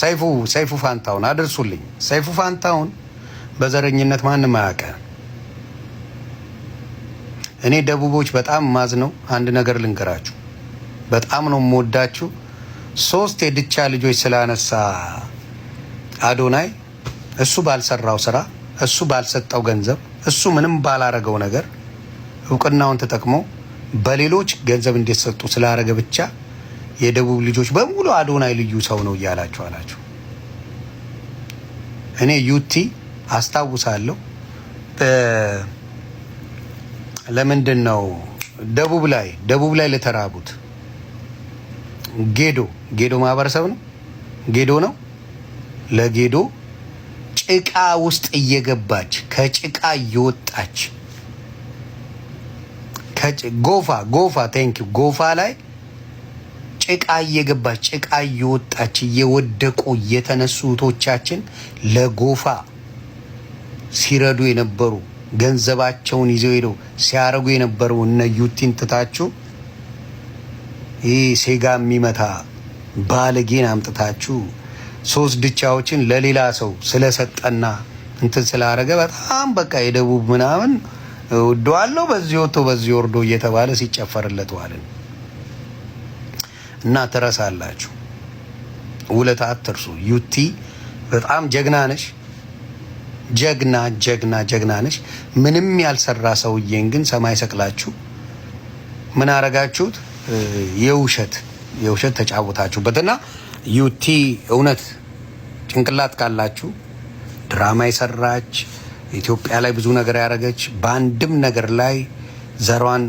ሰይፉ ሰይፉ ፋንታውን አድርሱልኝ። ሰይፉ ፋንታውን በዘረኝነት ማንም አያውቀ። እኔ ደቡቦች በጣም ማዝ ነው። አንድ ነገር ልንገራችሁ፣ በጣም ነው የምወዳችሁ። ሶስት የድቻ ልጆች ስላነሳ አዶናይ እሱ ባልሰራው ስራ፣ እሱ ባልሰጠው ገንዘብ፣ እሱ ምንም ባላረገው ነገር እውቅናውን ተጠቅሞ በሌሎች ገንዘብ እንዲሰጡ ስላረገ ብቻ የደቡብ ልጆች በሙሉ አዶናይ ልዩ ሰው ነው እያላችሁ አላችሁ። እኔ ዩቲ አስታውሳለሁ። ለምንድን ነው ደቡብ ላይ ደቡብ ላይ ለተራቡት ጌዶ ጌዶ ማህበረሰብ ነው ጌዶ ነው ለጌዶ ጭቃ ውስጥ እየገባች ከጭቃ እየወጣች ጎፋ ጎፋ ቴንኪው ጎፋ ላይ ጭቃ እየገባ ጭቃ እየወጣች እየወደቁ የተነሱ እህቶቻችን ለጎፋ ሲረዱ የነበሩ ገንዘባቸውን ይዘው ሄደው ሲያረጉ የነበሩ እነ ዩቲን ትታችሁ ይህ ሴጋ የሚመታ ባለጌን አምጥታችሁ ሶስት ድቻዎችን ለሌላ ሰው ስለሰጠና እንትን ስላረገ በጣም በቃ የደቡብ ምናምን እወደዋለሁ በዚህ ወጥቶ በዚህ ወርዶ እየተባለ ሲጨፈርለት ዋልን። እና ትረሳላችሁ። ውለታ አትርሱ። ዩቲ በጣም ጀግና ነሽ። ጀግና ጀግና ጀግና ነሽ። ምንም ያልሰራ ሰውዬን ግን ሰማይ ሰቅላችሁ ምን አረጋችሁት? የውሸት የውሸት ተጫወታችሁበትና ዩቲ እውነት ጭንቅላት ካላችሁ ድራማ የሰራች ኢትዮጵያ ላይ ብዙ ነገር ያደረገች በአንድም ነገር ላይ ዘሯን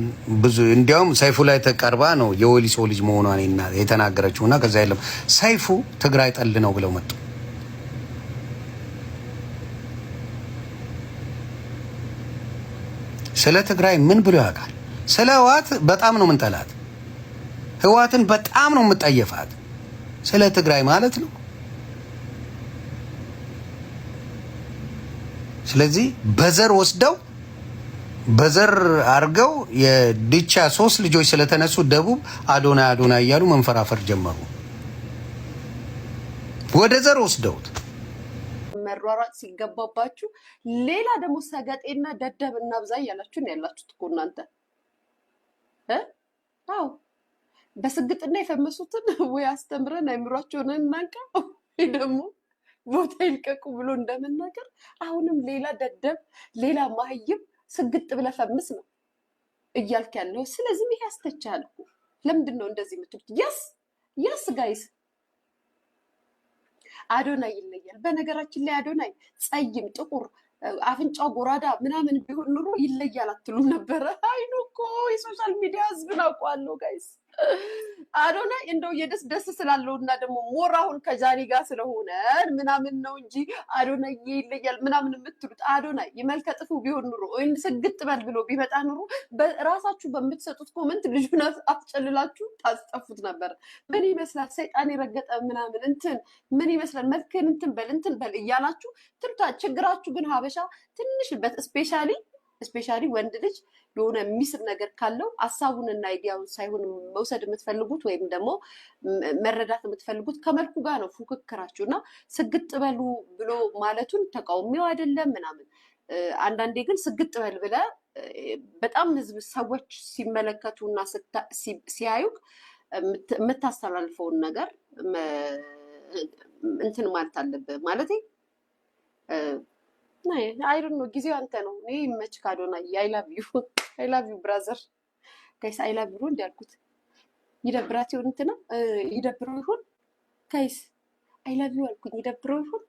ብዙ እንዲያውም ሰይፉ ላይ ተቀርባ ነው የወሊሶ ልጅ መሆኗን የተናገረችው። እና ከዛ የለም ሰይፉ ትግራይ ጠል ነው ብለው መጡ። ስለ ትግራይ ምን ብሎ ያውቃል? ስለ ህዋት በጣም ነው ምንጠላት፣ ህዋትን በጣም ነው የምጠየፋት። ስለ ትግራይ ማለት ነው። ስለዚህ በዘር ወስደው በዘር አድርገው የድቻ ሶስት ልጆች ስለተነሱ ደቡብ አዶና አዶና እያሉ መንፈራፈር ጀመሩ። ወደ ዘር ወስደውት መሯሯጥ ሲገባባችሁ ሌላ ደግሞ ሰገጤና ደደብ እና እያላችሁ ነው ያላችሁት እኮ እናንተ። አዎ በስግጥና የፈመሱትን ወይ አስተምረን አይምሯቸውን እናንቀ ደግሞ ቦታ ይልቀቁ ብሎ እንደምናገር አሁንም ሌላ ደደብ ሌላ ማህይም ስግጥ ብለህ ፈምስ ነው እያልክ ያለው። ስለዚህም ይሄ ያስተቻል። ለምንድን ነው እንደዚህ የምትሉት? የስ የስ ጋይስ አዶናይ ይለያል። በነገራችን ላይ አዶናይ ጸይም፣ ጥቁር፣ አፍንጫው ጎራዳ ምናምን ቢሆን ኑሮ ይለያል አትሉም ነበረ አይኑ እኮ የሶሻል ሚዲያ ህዝብን አውቀዋለሁ ጋይስ። አዶና እንደው የደስ ደስ ስላለው እና ደግሞ ሞር አሁን ከጃኒ ጋር ስለሆነ ምናምን ነው እንጂ አዶና ይለያል ምናምን የምትሉት አዶና መልከ ቢሆን ኑሮ ወይም ስግጥ በል ብሎ ቢመጣ ኑሮ በራሳችሁ በምትሰጡት ኮመንት ልጁን አስጨልላችሁ ታስጠፉት ነበር። ምን ይመስላል ሰይጣን የረገጠ ምናምን እንትን ምን ይመስላል መልክን እንትን በል እንትን በል እያላችሁ ትንታ ችግራችሁ ግን ሀበሻ ትንሽ ስፔሻሊ እስፔሻሊ ወንድ ልጅ የሆነ የሚስብ ነገር ካለው ሀሳቡንና አይዲያውን ሳይሆን መውሰድ የምትፈልጉት ወይም ደግሞ መረዳት የምትፈልጉት ከመልኩ ጋር ነው ፉክክራችሁ እና ስግጥ በሉ ብሎ ማለቱን ተቃውሚው አይደለም ምናምን አንዳንዴ ግን ስግጥ በል ብለ በጣም ህዝብ ሰዎች ሲመለከቱ እና ሲያዩ የምታስተላልፈውን ነገር እንትን ማለት አለብህ ማለት ነው። አይዶን ነው ጊዜው አንተ ነው። እኔ መች ካዶና አይላቭ ዩ አይላቭ ዩ ብራዘር ጋይስ አይላቭ ዩ እንዲያልኩት ይደብራት ይሆን እንትና ይደብረው ይሆን ጋይስ አይላቭ ዩ አልኩኝ። ይደብረው ይሆን